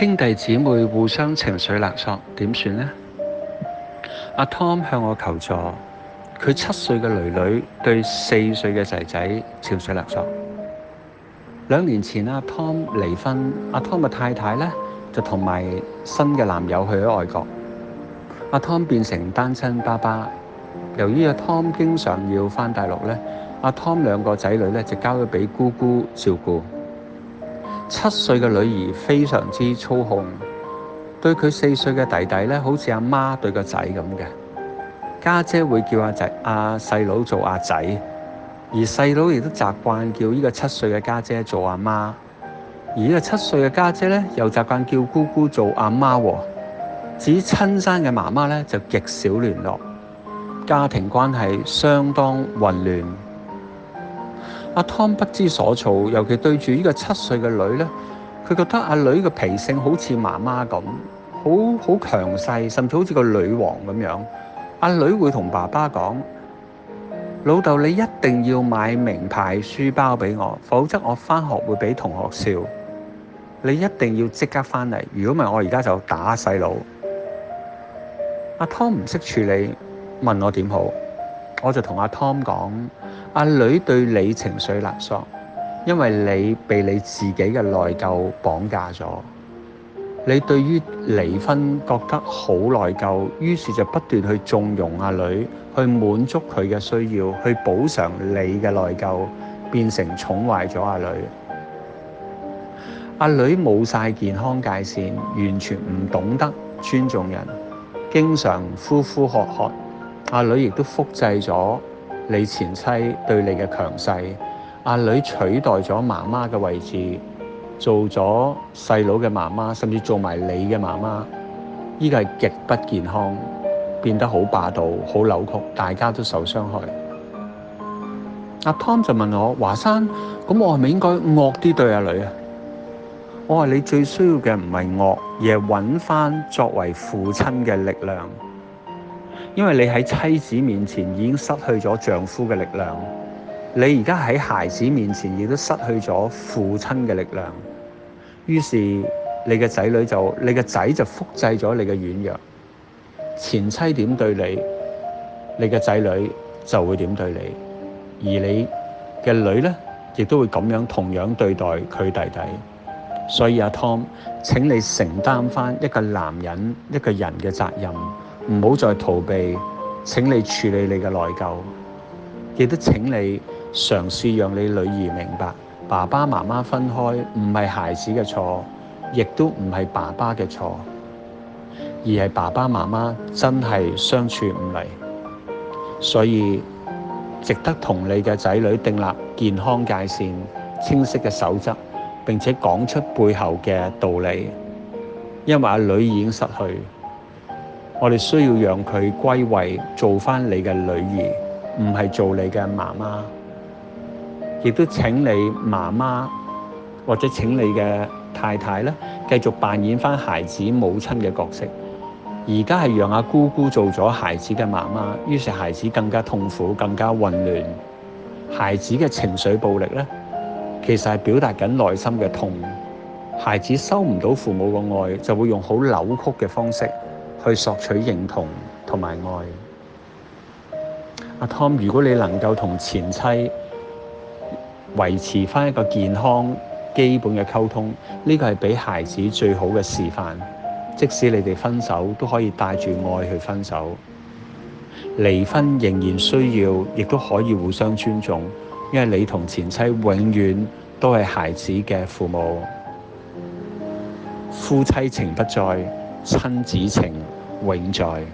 兄弟姊妹互相情緒勒索，點算咧？阿 Tom 向我求助，佢七歲嘅女女對四歲嘅仔仔情緒勒索。兩年前阿 Tom 離婚，阿 Tom 嘅太太咧就同埋新嘅男友去咗外國，阿 Tom 變成單親爸爸。由於阿 Tom 經常要返大陸咧，阿 Tom 兩個仔女咧就交咗俾姑姑照顧。七歲嘅女兒非常之操控，對佢四歲嘅弟弟咧，好似阿媽對個仔咁嘅。家姐會叫阿仔、阿細佬做阿仔，而細佬亦都習慣叫呢個七歲嘅家姐做阿媽，而呢個七歲嘅家姐咧又習慣叫姑姑做阿媽喎。至於親生嘅媽媽咧，就極少聯絡，家庭關係相當混亂。阿湯、啊、不知所措，尤其對住呢個七歲嘅女呢，佢覺得阿、啊、女嘅脾性好似媽媽咁，好好強勢，甚至好似個女王咁樣。阿、啊、女會同爸爸講：老豆，你一定要買名牌書包俾我，否則我返學會俾同學笑。你一定要即刻返嚟，如果唔係我而家就打細佬。阿湯唔識處理，問我點好，我就同阿湯講。阿女對你情緒勒索，因為你被你自己嘅內疚綁架咗。你對於離婚覺得好內疚，於是就不斷去縱容阿女，去滿足佢嘅需要，去補償你嘅內疚，變成寵壞咗阿女。阿女冇晒健康界線，完全唔懂得尊重人，經常呼呼喝喝。阿女亦都複製咗。你前妻對你嘅強勢，阿女取代咗媽媽嘅位置，做咗細佬嘅媽媽，甚至做埋你嘅媽媽，依、這個係極不健康，變得好霸道、好扭曲，大家都受傷害。阿、啊、Tom 就問我：華山，咁我係咪應該惡啲對阿女啊？我話你最需要嘅唔係惡，而係揾翻作為父親嘅力量。因為你喺妻子面前已經失去咗丈夫嘅力量，你而家喺孩子面前亦都失去咗父親嘅力量，於是你嘅仔女就你嘅仔就複製咗你嘅軟弱，前妻點對你，你嘅仔女就會點對你，而你嘅女呢，亦都會咁樣同樣對待佢弟弟，所以阿 Tom，請你承擔翻一個男人一個人嘅責任。唔好再逃避。請你處理你嘅內疚，亦都請你嘗試讓你女兒明白，爸爸媽媽分開唔係孩子嘅錯，亦都唔係爸爸嘅錯，而係爸爸媽媽真係相處唔嚟。所以值得同你嘅仔女訂立健康界線、清晰嘅守則，並且講出背後嘅道理。因為阿女已經失去。我哋需要讓佢歸位，做翻你嘅女兒，唔係做你嘅媽媽。亦都請你媽媽或者請你嘅太太咧，繼續扮演翻孩子母親嘅角色。而家係讓阿姑姑做咗孩子嘅媽媽，於是孩子更加痛苦，更加混亂。孩子嘅情緒暴力咧，其實係表達緊內心嘅痛。孩子收唔到父母嘅愛，就會用好扭曲嘅方式。去索取認同同埋愛。阿 Tom，如果你能夠同前妻維持返一個健康基本嘅溝通，呢個係俾孩子最好嘅示範。即使你哋分手，都可以帶住愛去分手。離婚仍然需要，亦都可以互相尊重，因為你同前妻永遠都係孩子嘅父母。夫妻情不再。親子情永在。